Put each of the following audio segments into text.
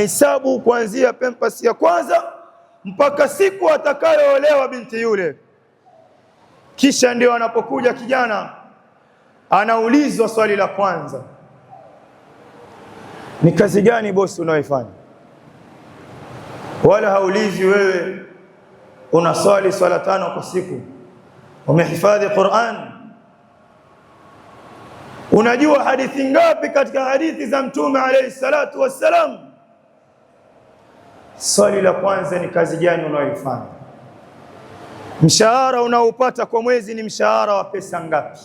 hisabu kuanzia pempas ya kwanza mpaka siku atakayoolewa binti yule. Kisha ndio anapokuja kijana anaulizwa swali la kwanza, ni kazi gani bosi unaoifanya? Wala haulizi wewe unaswali swala tano kwa siku, umehifadhi Qur'an, unajua hadithi ngapi katika hadithi za Mtume alayhi salatu wassalam Swali la kwanza ni kazi gani unayoifanya? Mshahara unaopata kwa mwezi ni mshahara wa pesa ngapi?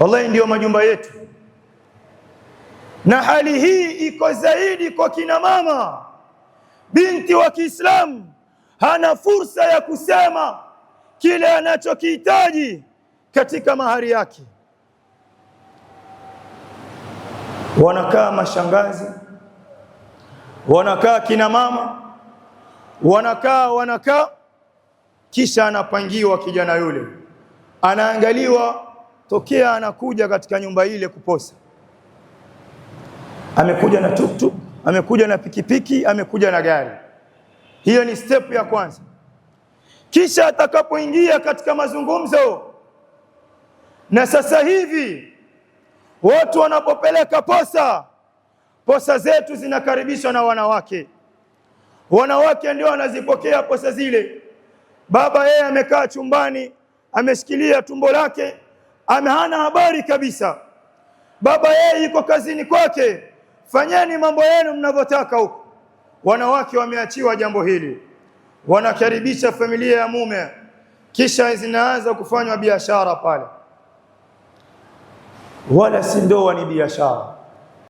Wallahi, ndiyo majumba yetu, na hali hii iko zaidi kwa kina mama. Binti wa Kiislamu hana fursa ya kusema kile anachokihitaji katika mahari yake. Wanakaa mashangazi wanakaa kina mama, wanakaa wanakaa, kisha anapangiwa kijana yule, anaangaliwa tokea anakuja katika nyumba ile kuposa, amekuja na tuktuk, amekuja na pikipiki, amekuja na gari. Hiyo ni step ya kwanza. Kisha atakapoingia katika mazungumzo, na sasa hivi watu wanapopeleka posa posa zetu zinakaribishwa na wanawake. Wanawake ndio wanazipokea posa zile. Baba yeye amekaa chumbani, ameshikilia tumbo lake, amehana habari kabisa. Baba yeye yuko kazini kwake, fanyeni mambo yenu mnavyotaka huko. Wanawake wameachiwa jambo hili, wanakaribisha familia ya mume, kisha zinaanza kufanywa biashara pale. Wala si ndoa, ni biashara.